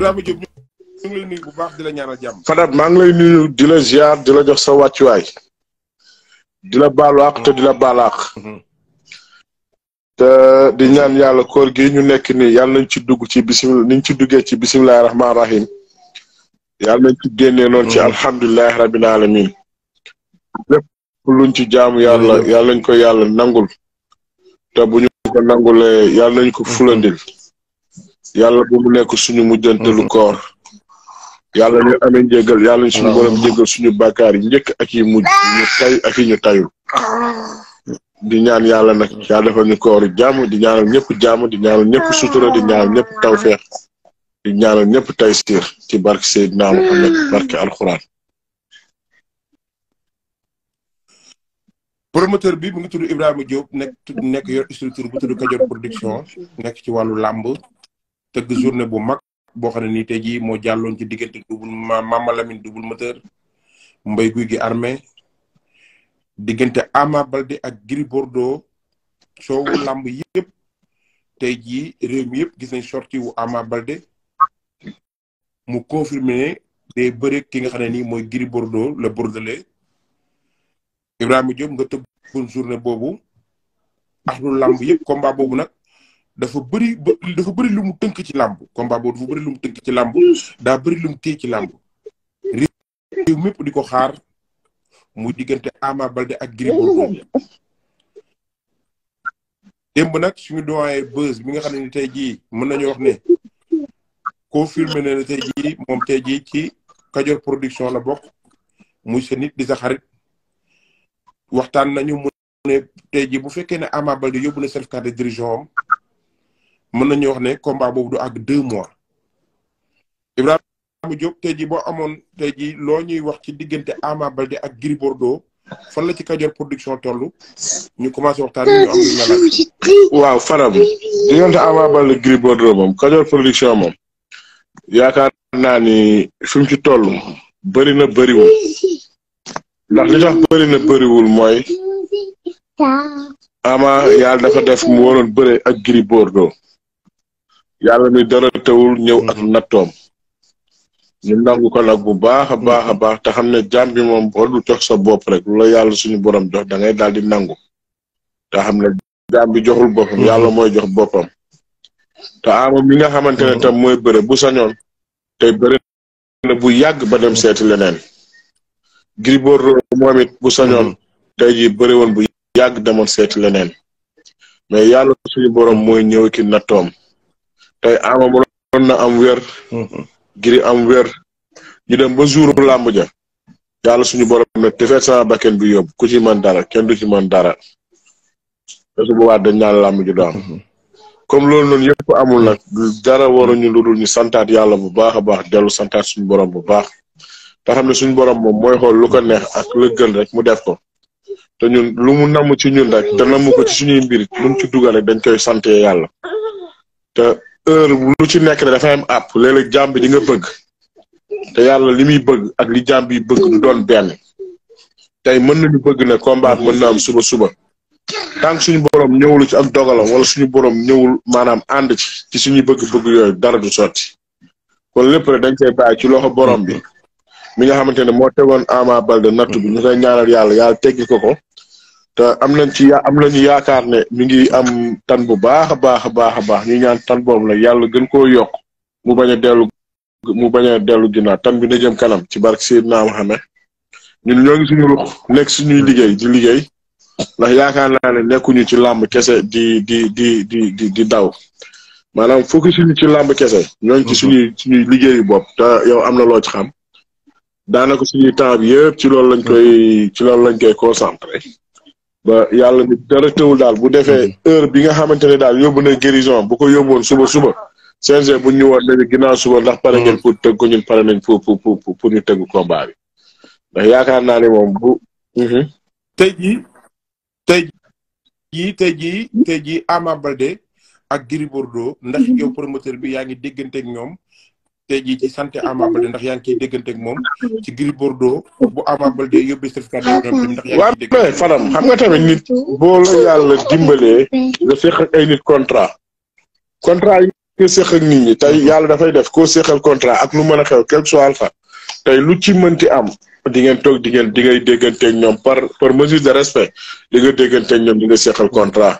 Ibrahima Diop ñu ngi bu baax di la ñaanal jàmm. maa ngi lay nuyu di la ziar di la jox sa wàccuwaay. di la baalu te di la te di ñaan yàlla koor gi ñu nekk nii yàlla nañ ci dugg ci bisimilah niñ ci duggee ci bisimilah rahmaani rahim yàlla nañ ci génnee noonu ci alhamdulilah rabbil alamin lépp luñ ci jaamu yàlla yàlla nañ ko yàlla nangul te bu ñu yàlla nañ ko fulandil. yalla bu mu nek suñu mujjante lu mhm. koor yalla ñu amé jéggal yalla ñu suñu borom jéggal suñu bakkar yi ñëk ak yi mujj ñu tay ak yi ñu tayu di ñaan yalla nak ya dafa ñu koor jàmm di ñaanal ñëpp jàmm di ñaanal ñëpp sutura di ñaanal ñëpp tawfiq di ñaanal ñëpp tay sir ci barke Seydina Muhammad barke alquran promoteur bi mu ngi tuddu Ibrahima Diop nekk nek yor structure bu tuddu Kajoor production nek ci walu lamb tëgg journée bu mag boo xam ne nii tey jii moo jàlloon ci diggante double Mama Lamine double moteur mbay guy gi armée diggante Ama Balde ak Gris Bordeaux coowu làmb yëpp tey jii réew mi yëpp gis nañ sorti wu Ama Balde mu confirmé ne day bëre ki nga xam ne nii mooy Gris Bordeaux le Bordelais Ibrahima Diop nga tëggoon journée boobu axlu làmb yëpp combat boobu nag dafa bëri dafa lu mu tënk ci làmb combat boobu dafa bëri lu mu tënk ci làmb daa bëri lu mu ci lamb réew mépp di ko xaar muy diggante Ama Baldé ak Gris Bordeaux démb nag suñu doyen Beuz bi nga xam ne ni tey jii mën nañu wax ne confirmé ne tey jii moom tey jii ci Kajoor production la bokk muy sa nit di sa xarit waxtaan nañu mu ne tey jii bu fekkee ne Ama Baldé yóbbu na certificat de dirigeant am mën nañu wax ne combat boobu du ak deux mois Ibrahima Diop tey jii boo amoon tey jii loo ñuy wax ci diggante Ama Balde ak Gris Bordeaux fan la ci Kajoor production toll ñu commencé waxtaan ñu am faram diggante Ama Balde Gris Bordeaux moom Kajoor production moom yaakaar naa ni fi ci toll bëri na bëriwul ndax li tax bëri na bëriwul mooy Ama yàlla dafa def mu waroon bëre ak Gris yàlla mi dara tawul ñëw ak mm-hmm. nattoom ñu nangu ko nag bu baax a baax a mm-hmm. baax te xam ne jaam bi moom boo du jox sa bopp rek lu la yàlla suñu borom jox da ngay daal di nangu te xam ne jaam bi joxul boppam yàlla mm-hmm. mooy jox boppam te ama mi nga xamante ne tam mooy bëre bu sañoon tey bëre bu yàgg ba dem seeti leneen Gris Bordeaux bu sañoon tey ji bëre woon bu yàgg demoon seeti leneen mais yàlla suñu borom mooy ñëw ki nattoom tay Ama don na am wer mm-hmm. giri am wer ñu dem ba jour bu ja yalla suñu borom ne te fekk sama bakkan bi ku ci man dara kenn du ci man dara dafa bu boobaa dañ naan lamb ju daam mm-hmm. comme lool non yépp amul nak dara waru ñu dul ñu santat yalla bu baaxa baax delu santat suñu borom bu baax xamne suñu borom mom moy xol lu ko neex ak gën rek mu def ko te ñun lu mu ci ñun rek te ko ci suñu mbir lu ci dañ koy santé yalla te heure lu ci nekk ne dafa am àpp léeg-léeg jàmm di nga bëgg te yàlla li muy bëgg ak li jàmm bi bëgg du doon benn tey mën na nañu bëgg ne combat mën na am suba suba tant suñ borom ñëwul ci ak dogalam wala suñu borom ñëwul maanaam ànd ci ci suñu bëgg yooyu dara du sotti kon lépp rek dañ koy bàyyi ci loxo borom bi mi nga xamante ne moo tegoon Ama Baldé natt bi ñu koy ñaanal yàlla yàlla teggi ko ko te am nañ ci am nañu yaakaar ne mi ngi am tan bu baax a baax a baax a baax ñu ñaan tan boobu la yàlla gën koo yokk mu bañ a dellu mu bañ a dellu ginnaaw tan bi na jëm kanam ci barke Seydina Mohamed ñun ñoo ngi suñu ruux nekk suñuy liggéey di liggéey ndax yaakaar naa ne nekkuñu ci làmb kese di di di di di di daw maanaam focus ñu ci làmb kese ñoo ngi ci mhm. suñuy suñuy liggéeyu bob te yow am na loo ci xam daanaka suñuy temps bi ci loolu lañ koy ci loolu lañ koy concentré ba yàlla nit dara tëwul daal bu defee mhm. heure bi nga xamante ne daal yóbbu na guérison bu ko yóbbuwoon suba suba CNG bu ñu woon dañu ginnaaw suba ndax pare ngeen mhm. pour tëgg ko ñun pare nañ pour pour pour ñu tëgg combat bi ndax yaakaar naa ne moom bu. Mhm. tey jii tey jii tey jii tey jii Ama ak Gris Bordeaux ndax yow promoteur bi yaa ngi dégganteeg ñoom. tey jii ci sant Ama Baldé ndax yaa ngi koy dégganteeg ci Gris Bordeaux bu Ama Baldé yóbbee certificat d'origine ndax yaa xam nga tamit nit boo la dimbalee nga séq ay nit contrat contrat yi nga séq ak nit ñi tey yàlla dafay def ko séqal contrat ak lu mën a xew quel que soit tey lu ci mënti am di ngeen toog di ngeen di ngay dégganteeg ñoom par par mesure de respect di nga dégganteeg ñoom di nga séqal contrat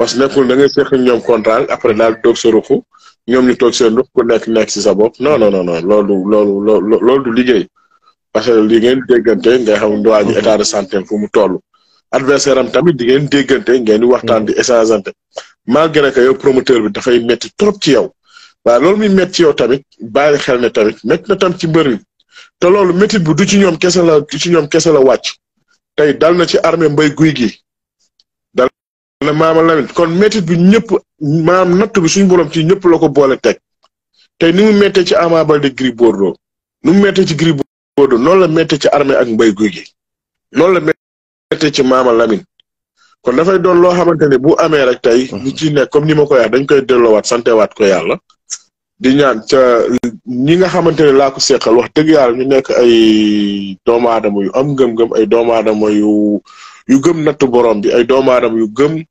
parce que nekkul da ngay seq ñoom contrat après daal toog sa ruxu ñoom ñu toog seen ruq ku nekk nekk si sa bopp non non non non loolu loolu loolu du liggéey parce que li ngeen déggante ngay xam waa ji mm-hmm. état de santé fu mu toll. adversaire am tamit di ngeen déggante ngeen di waxtaan di mm-hmm. échangeante malgré que yow promoteur bi dafay métti trop ci yow waaye loolu mi métti ci yow tamit bàyyi xel ne tamit métti na tam ci mbër te loolu métti bu du ci ñoom kese la du ci ñoom kese la wàcc tey dal na ci armée mbay guy gi. wala maama Lamine kon métit bi ñëpp maam natt bi suñ boroom ci ñëpp la ko boole teg tey ni mu méttee ci Ama Baldé Gris Bordeaux nu mu méttee ci Gris Bordeaux la méttee ci armée ak mbay guy gi noonu la méttee ci maama Lamine kon dafay doon loo xamante ne bu amee rek tey. Mhm. ñi ci nekk comme ni ma ko wax dañ koy delloowaat santewaat ko yàlla. di ñaan ca ñi nga xamante ne laa ko seqal wax dëgg yàlla ñu nekk ay doomu aadama yu am gëm-gëm ay doomu aadama yu yu gëm nattu borom bi ay doomu aadama yu gëm.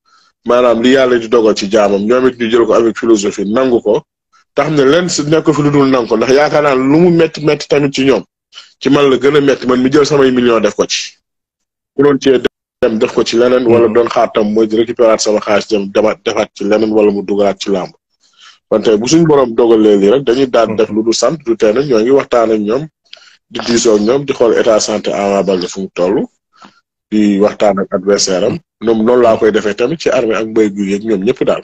maanaam li yàlla di dogal ci jaamam ñoom it ñu jël ko avec philosophie nangu ko te xam ne lenn si fi lu dul nangu ko ndax yaakaar naa lu mu métti métti tamit ci ñoom ci man la gën a métti man mi jël samay million def ko ci. ku doon dem def ko ci leneen wala mm. doon xaar tam mooy di récupérer sama xaalis dem demaat defaat ci leneen wala mu dugalaat ci làmb kon bu suñ borom dogalee lii rek dañuy daan def lu dul sant du tee nag ñoo ngi waxtaan ñoom di diisoo ñoom di xool état santé Ama Baldé fu mu di waxtaan ak adversaire am ñoom noonu laa koy defe tamit ci armée ak mbay guy yeeg ñoom ñëpp daal.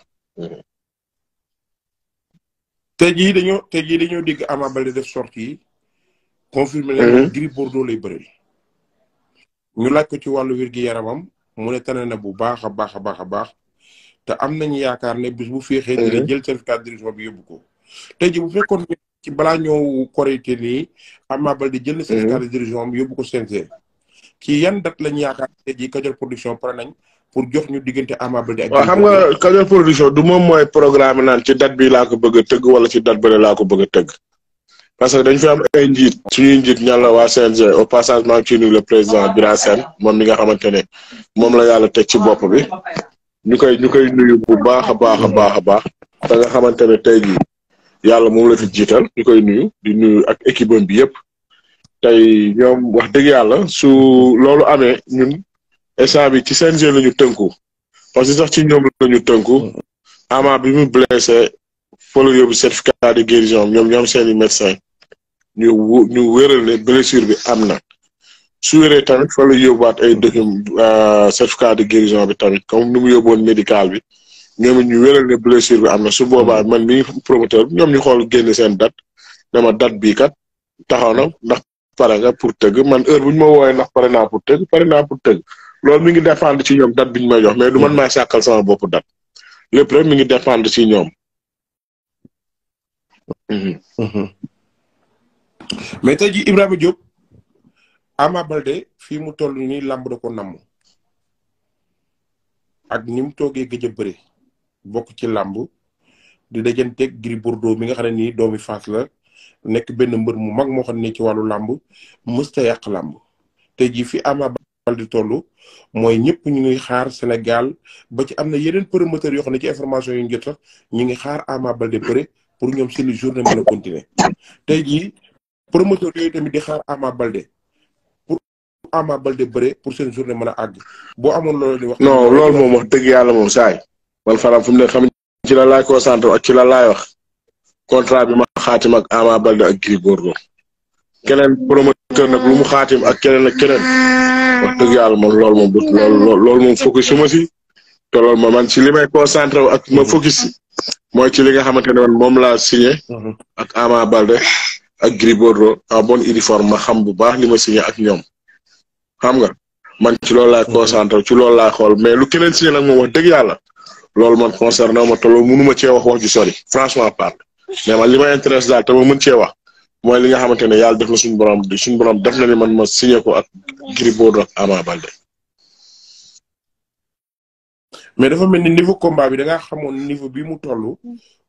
tey jii dañoo tey jii dañoo dégg Ama Baldé def sortie yi. confirmé leen mhm. Gris Bordeaux lay bëri. ñu laaj ko ci wàllu wér gi yaramam mu ne tane na bu baax a baax a baax a baax te am nañu yaakaar ne bis bu féexee. dina mhm. jël certificat de guérison bi yóbbu ko. tey jii bu fekkoon ci balaa ñëw korité nii Ama Baldé jël na certificat mhm. de guérison bi yóbbu ko CNG. ki yan dat lañ yaakaar te ji kajor production pare nañ pour jox ñu diggante amable di ak. xam nga kajor production du mom moy programme nan ci dat bi la ko bëgg teug wala ci dat bëre la ko bëgg teug parce que dañ fi am ay njit suñuy njit ñalla wa CNG au passage ma ci ciy le président Bira mom mi nga xamantene mom la yalla tek ci bop bi ñukay ñukay nuyu bu baaxa baaxa baaxa baax da nga xamantene tay ji yalla mom la fi jital ñukay nuyu di nuyu ak équipe bi yépp tey ñoom wax dëgg yàlla su loolu amee ñun instant bi ci CNG la ñu tënku parce que sax ci ñoom la ñu tënku ama bi mu blessé fa la yóbbu certificat de guérison ñoom ñoom seen i médecin ñu ñu wéral ne blessure bi am na su wéree tamit fa la yóbbuwaat ay document euh, certificat de guérison bi tamit comme nu mu yóbboon médical bi ñoom ñu wéral ne blessure bi am na su boobaa man mi promoteur ñoom ñu xool génne seen dat dama date bii kat taxaw na ndax pare nga pour tëgg man heure bu ñu ma woowee ndax pare naa pour tëgg pare naa pour tëgg loolu mi ngi dépendre ci ñoom date bi ñu may jox mais du man maay sàkkal sama bopp date lépp rek mi ngi dépendre ci ñoom. Mhm. Mhm. mais tey jii Ibrahima Diop Ama Balde fii mu toll nii làmb da ko namm ak ni mu toogee gëj a bokk ci làmb di dajanteeg Gris Bordeaux mi nga xam ne nii doomi Fass la. nekk benn mbër mu mag moo xam ne ci wàllu làmb mësta yàq làmb tey jii fi Ama Baldé toll mooy ñëpp ñu ngi xaar Sénégal ba ci am na yeneen promoteurs yoo xam ne ci information yu ñu jot sax ngi xaar Ama Baldé bëre pour ñoom seen journée mën a continuer tey jii promoteurs yooyu tamit di xaar Ama Baldé pour Ama Baldé bëre pour seen journée mën àgg boo amoon loolu di wax. non loolu moom wax dëgg yàlla moom saay wal faram ci la laay wax contrat xaatim ak Ama Balde ak Gris Bordeaux keneen promoteur nak lu mu xaatim ak keneen ak keneen wax dëgg yàlla man loolu moom lool lol moom focus su ma si te loolu ma man ci limay concentré ak ma focus si ci li nga xamantene won mom la signé mhm. ak Ama Balde ak Gris Bordeaux en bon uniforme ma xam bu baax lima signé ak ñom xam nga man ci lol la mhm. concentré ci lol la xol mais lu keneen signé nak mo wax deug yalla lol man concerné ma to lol mënu ci wax wax ju sori franchement parle mais ma li ma intéresse daal te ma mën cee wax mooy li nga xamante ne yàlla def na suñu borom suñu borom def na ni man ma signé ko ak Gris Bordeaux ak Ama Baldé. mais dafa mel ni niveau combat bi da ngaa xamoon niveau bi mu toll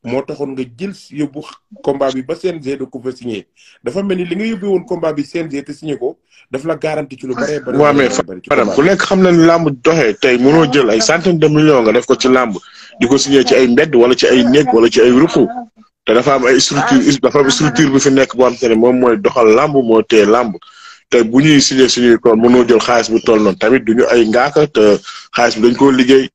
moo taxoon nga jël yóbbu combat bi ba CNG da ko fa signé dafa mel ni li nga yóbbee woon combat bi CNG te signé ko daf la garanti ci lu bëree bëri. waaw mais Fadam ku nekk xam na ni làmb doxee tey mënoo jël ay centaine de millions nga def ko ci làmb di ko signé ci ay mbed wala ci ay néeg wala ci ay ruq te dafa am ay structure ah, dafa am ah, structure ah. fi nekk boo am te ne moom mooy doxal làmb moo téye làmb te bu ñuy signé suñuy kon mënoo jël xaalis bu toll noonu tamit duñu ay ngaaka te xaalis bi dañ koo liggéey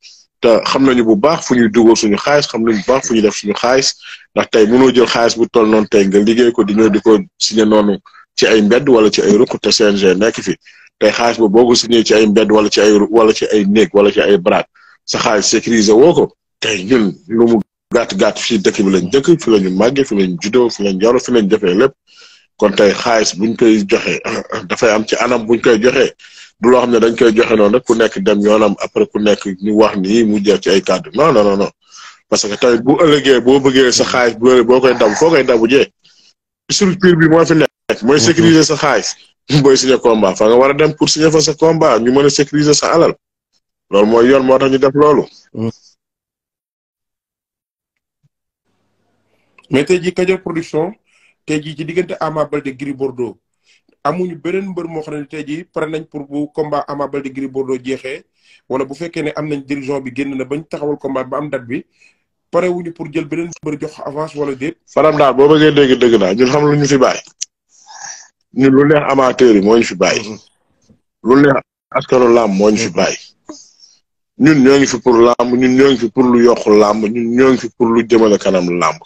te xam nañu bu baax fu ñuy dugal suñu xaalis xam nañu bu baax fu ñuy def suñu xaalis ndax tey mënoo jël xaalis bu toll noonu tey nga liggéey ko di ñëw di ko signé noonu ci ay mbedd wala ci ay ruq te CNG nekk fi tey xaalis boobu boo ko ci ay mbedd wala ci ay wala ci ay néeg wala ci ay baraat sa xaalis sécurisé woo ko ñun gàtt gàtt fii dëkk bi lañ dëkk fi lañu màggee fi lañ juddoo fi lañ yaroo fi lañ defee lépp kon tey xaalis buñ koy joxe dafay am ci anam buñ koy joxe du loo xam ne dañ koy joxe noonu rek ku nekk dem yoonam après ku nekk ñu wax ni mu jeex ci ay kàddu non non no parce que tamit bu ëllëgee boo bëggee sa xaalis bu boo koy dab foo koy dabu jee structure bi moo fi nekk. mooy mm-hmm. sécuriser sa xaalis. booy signé combat fa nga war a dem pour signé fa sa combat ñu mën a sécuriser sa alal loolu mooy yoon moo ta ñu def loolu. Mm-hmm. mais tey jii Kajoor production tey jii ci diggante Ama Baldé Gris Bordeaux amuñu beneen mbër moo xam ne tey jii pare nañ pour bu combat Ama Baldé Gris Bordeaux jeexee wala bu fekkee ne am nañ dirigeant bi génn na bañ taxawal combat ba am date bi pare wuñu pour jël beneen mbër jox avance wala déet. faram daal boo bëggee dégg dëgg naa ñun xam lu ñu fi baay ñun lu neex amateur yi moo ñu fi bàyyi. Mm-hmm. lu neex askanu lam moo ñu fi mm-hmm. bàyyi. ñun ñoo ngi fi pour làmb ñun ñoo ngi fi pour lu yokk làmb ñun ñoo ngi fi pour lu jëmale kanam làmb.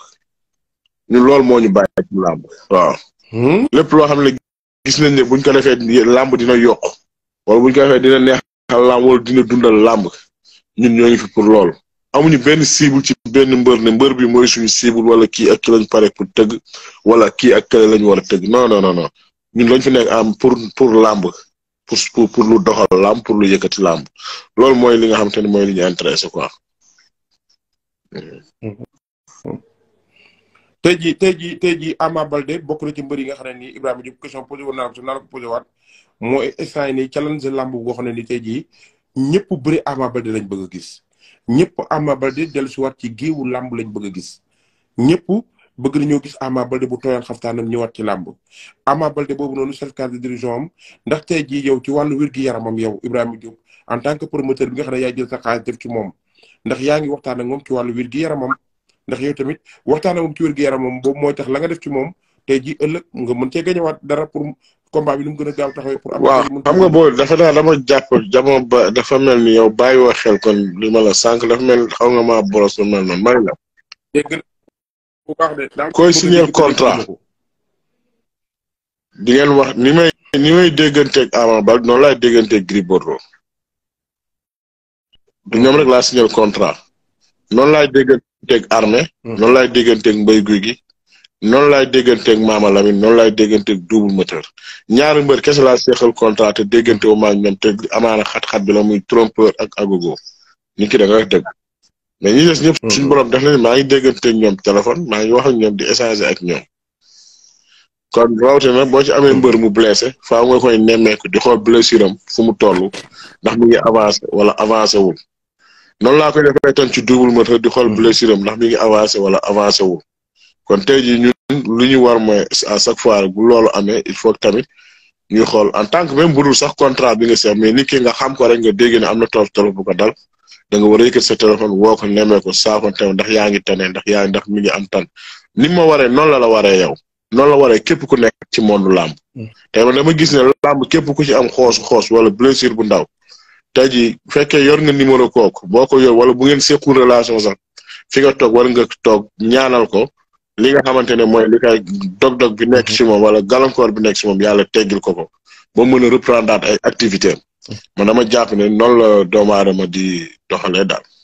ñu loolu moo ñu bàyyi ci làmb waaw hmm? lépp loo xam ne gis nañ ne buñ ko defee làmb dina yokk wala buñ ko defee dina neexal làmb wala dina dundal làmb ñun ñoo ngi fi pour loolu amuñu benn cible ci benn mbër ne mbër bi mooy suñu cible wala kii ak ki lañ pare pour tëgg wala kii ak kële lañ war a tëgg non non non ñu lañ fi nekk am pour pour làmb pour pour lu doxal làmb pour lu yëkkati làmb loolu mooy li nga xam te mooy li ñu intéressé quoi hmm. Hmm. tey jii tey jii tey jii Ama Balde bokk na ci mbër yi nga xam ne nii Ibrahima Diop question posé woon naa ko naa la ko posé waat mooy instant yii nii challenge lamb boo xam ne nii tey jii ñëpp bëri Ama Balde lañ bëgg a gis ñëpp Ama Balde dellusiwaat ci géewu lamb lañ bëgg gis ñëpp bëgg nañoo gis Ama Balde bu tooyal xaftaanam ñëwaat ci lamb Ama Balde boobu noonu chef cadre de dirigeant am ndax tey jii yow ci wàllu wér-gu-yaramam yow Ibrahima Diop en tant que promoteur bi nga xam ne yaa jël sa xaalis def ci moom ndax yaa ngi waxtaan ak moom ci wàllu wér-gu-yaramam ndax yow tamit waxtaan moom ci wér gu yaram moom boobu mooy tax la nga def ci moom tey ji ëllëg nga mën cee gañewaat dara pour combat bi nu mu gën a gaaw taxawee xam nga booy dafa daal dama jàpp jamono ba dafa mel ni yow bàyyi woo xel kon li ma la sànq dafa mel xaw nga maa boros lu mel noonu mari la bu baax de koy signé contrat di ngeen wax ni may ni may dégganteeg Ama Baldé noonu laay dégganteeg Gris Bordeaux du ñoom rek laa signé contrat noonu laay dégganteeg armée hmm. noonu laay dégganteeg mbéy guy gi noonu laay dégganteeg maama Lamine noonu laay dégganteeg double moteur ñaari mbër kese laa seexal contrat te déggante wu ma ak teg te amaana xat-xat bi la muy trompeur ak agogo nit ki da nga dëgg mais ñi des ñëpp hmm. suñu borom def na maa ngi dégganteeg ñoom téléphone maa ngi wax ak ñoom di échanger ak ñoom kon rawatina boo ci amee mbër mu blessé faaw nga koy nemmeeku di xool blessure am fu mu toll ndax mu ngi avancé wala avancé wul noonu laa koy defee tan ci double moteur di xool blessure am ndax mi ngi avancé wala avancé wul kon tey jii nu lu ñu war mooy à chaque fois gu loolu ame il faut tamit ñuy xool en tant que même budul sax contrat bi nga seet mais nit ki nga xam ko rek nga dégg am na tolof tolof bu ko dal da nga war a yëkkat sa téléphone woo ko nemmee ko saako teew ndax yaa ngi tane ndax yaa ndax mi ngi am tan ni ma waree noonu la la waree yow noonu la waree képp ku nekk ci monde làmb. Mm. tey man dama gis ne làmb képp ku ci am xoos xoos wala blessure bu ndaw. tey jii bu fekkee yor nga numéro kooku boo ko yor wala bu ngeen sequl relation sax fi nga toog war nga toog ñaanal ko li nga xamante ne mooy li kay dog-dog nekk ci moom wala gàllankoor bi nekk ci moom yàlla teggil ko ko ba mën a reprendre ay activité am mm. man dama jàpp noonu la doomu aadama di doxalee daal.